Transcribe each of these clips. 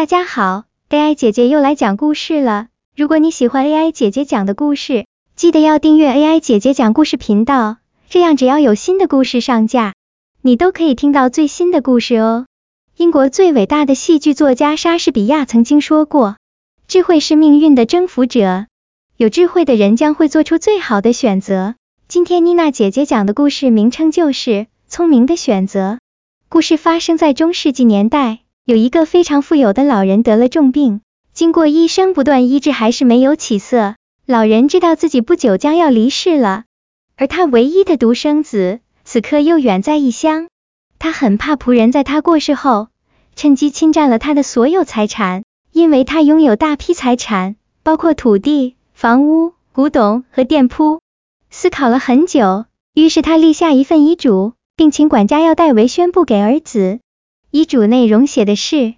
大家好，AI 姐姐又來講故事了。如果你喜歡 AI 姐姐講的故事，記得要訂閱 AI 姐姐講故事頻道，這樣只要有新的故事上架，你都可以聽到最新的故事哦。英國最偉大的戲劇作家莎士比亞曾經說過：“智慧是命運的征服者，有智慧的人將會做出最好的選擇。”今天妮娜姐姐講的故事名稱就是《聰明的選擇》。故事發生在中世紀年代。有一個非常富有的老人得了重病，經過醫生不斷醫治，還是沒有起色。老人知道自己不久將要離世了，而他唯一的獨生子此刻又遠在異鄉，他很怕僕人在他過世後，趁機侵佔了他的所有財產，因為他擁有大批財產，包括土地、房屋、古董和店鋪。思考了很久，於是他立下一份遺囑，並請管家要代為宣佈給兒子。遺囑內容寫的是，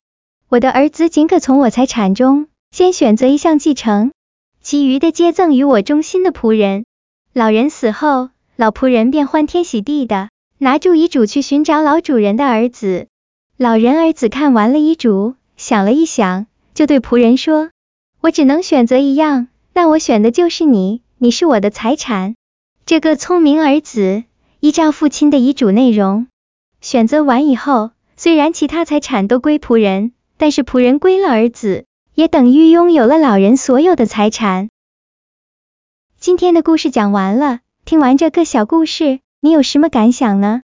我的兒子僅可從我財產中先選擇一項繼承，其餘的皆贈與我忠心的僕人。老人死後，老僕人便歡天喜地的拿住遺囑去尋找老主人的兒子。老人兒子看完了遺囑，想了一想，就對僕人說：“我只能選擇一樣，那我選的就是你，你是我的財產。”這個聰明兒子依照父親的遺囑內容選擇完以後。雖然其他財產都歸僕人，但是僕人歸了兒子，也等於擁有了老人所有的財產。今天的故事講完了，聽完這個小故事，你有什麼感想呢？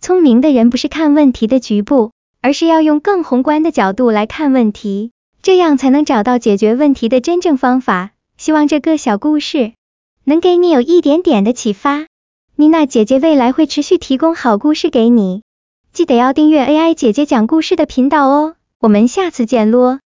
聰明的人不是看問題的局部，而是要用更宏觀的角度來看問題，這樣才能找到解決問題的真正方法。希望這個小故事能給你有一點點的啟發。妮娜姐姐未來會持續提供好故事給你。記得要訂閱 AI 姐姐講故事的頻道哦，我們下次見嘍。